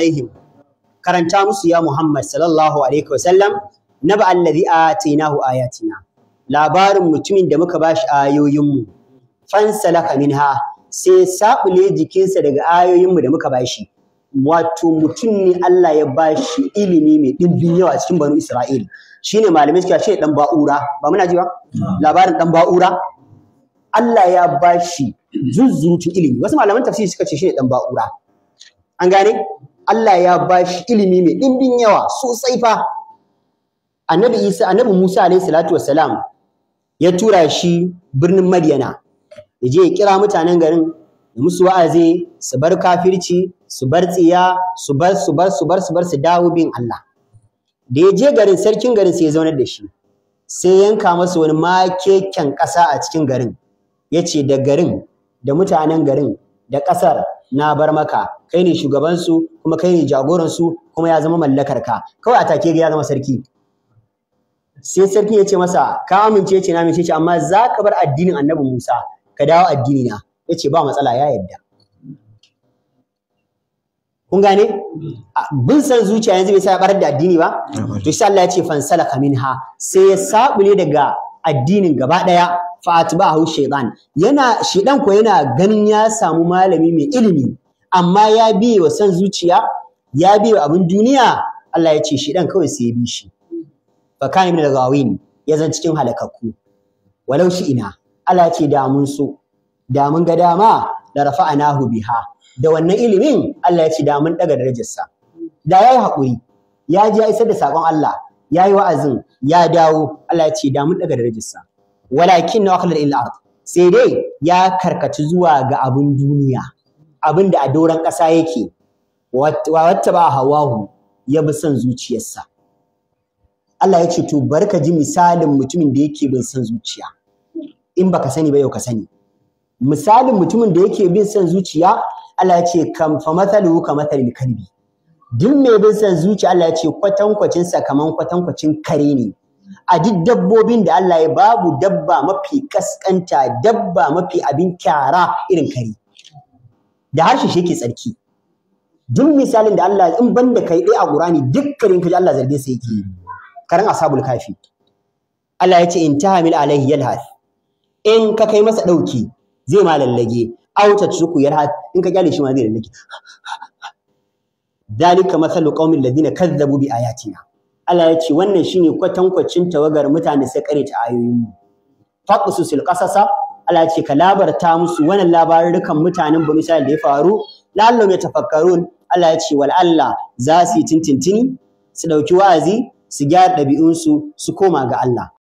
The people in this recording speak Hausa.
alaihim karanta musu ya Muhammad sallallahu alaihi wasallam naba allazi atainahu ayatina labarin mutumin da muka bashi ayoyinmu fansalaka minha sai sabule jikinsa daga ayoyinmu da muka bashi wato mutum ne Allah ya bashi ilimi mai dimbin yawa cikin banu Isra'il shine malamai suka ce dan ba'ura ba muna ji ba labarin dan ba'ura Allah ya bashi zuzzurutun ilimi wasu malaman tafsiri suka ce shine dan ba'ura an gane Allah ya ba shi ilimi mai ɗimbin yawa sosai fa annabi Isa annabi Musa alaihi salatu wassalam ya tura shi birnin maryana, ya je ya kira mutanen garin ya musu wa'azi su bar kafirci su bar tsiya su bar su bar su bar su bar su dawo bin Allah da ya je garin sarkin garin sai ya zauna da shi sai yanka masa wani makeken ƙasa a cikin garin ya ce da garin da mutanen garin da ƙasar na bar maka kai ne shugabansu kuma kai ne jagoransu kuma ya zama mallakar ka kawai a take ga ya zama sarki sai sarki ya ce masa ka amince ce na amince ce amma za ka bar addinin annabi Musa ka dawo addini na ya ce ba matsala ya yadda kun gane bin san zuciya yanzu bai sa ya barar da addini ba to insha Allah ya ce fansalaka minha sai ya sabule daga addinin gaba daya fatiba atba'ahu shaytan yana shaytan ko yana ganin ya samu malami mai ilimi amma ya bi wa san zuciya ya bi wa abin duniya Allah ya ce ɗan kawai sai ya bi shi fa kana min gawin ya zan cikin halakakku walau shi ina Allah ya ce da mun so da mun ga dama da rafa'anahu biha da wannan ilimin Allah ya ce da mun daga darajarsa da yayi hakuri ya ji ya isar da sakon Allah ya yi wa'azin ya dawo Allah ya ce da mun daga darajarsa walakin na wakilar ila ard sai dai ya karkaci zuwa ga abin duniya abin da a doron ƙasa yake wa wattaba hawahu ya bi son zuciyarsa Allah ya ce to bar ka ji misalin mutumin da yake bin son zuciya in baka sani ba yau ka sani misalin mutumin da yake bin son zuciya Allah ya ce kam fa mathaluhu ka mathalil kalbi duk mai bin son zuciya Allah ya ce kwatankwacin sa kaman kwatankwacin kare ne a duk dabbobin da Allah ya babu dabba mafi kaskanta dabba mafi abin kyara irin kari, da harshe shi yake tsarki duk misalin da Allah in banda kai ɗaya a Qur'ani duk karin kaji Allah zarge sa yake karan asabul kafi Allah ya ce in tahamil alaihi yalhas in ka kai masa dauki zai ma lallage auta tsuku yalhath in ka kyale shi ma zai lallage dalika mathalu qaumil ladina kazzabu bi ayatina Allah ya ce wannan shine kwatankwacin tawagar mutane sai kare ta ayoyin mu faqsusul qasasa Allah ya ce ka labarta musu wannan labarin dukan mutanen Bani Isra'il da ya faru ya tafakkarun, Allah ya ce wal Allah za su yi tintintini su dauki wa'azi su gyara ɗabi'unsu su koma ga Allah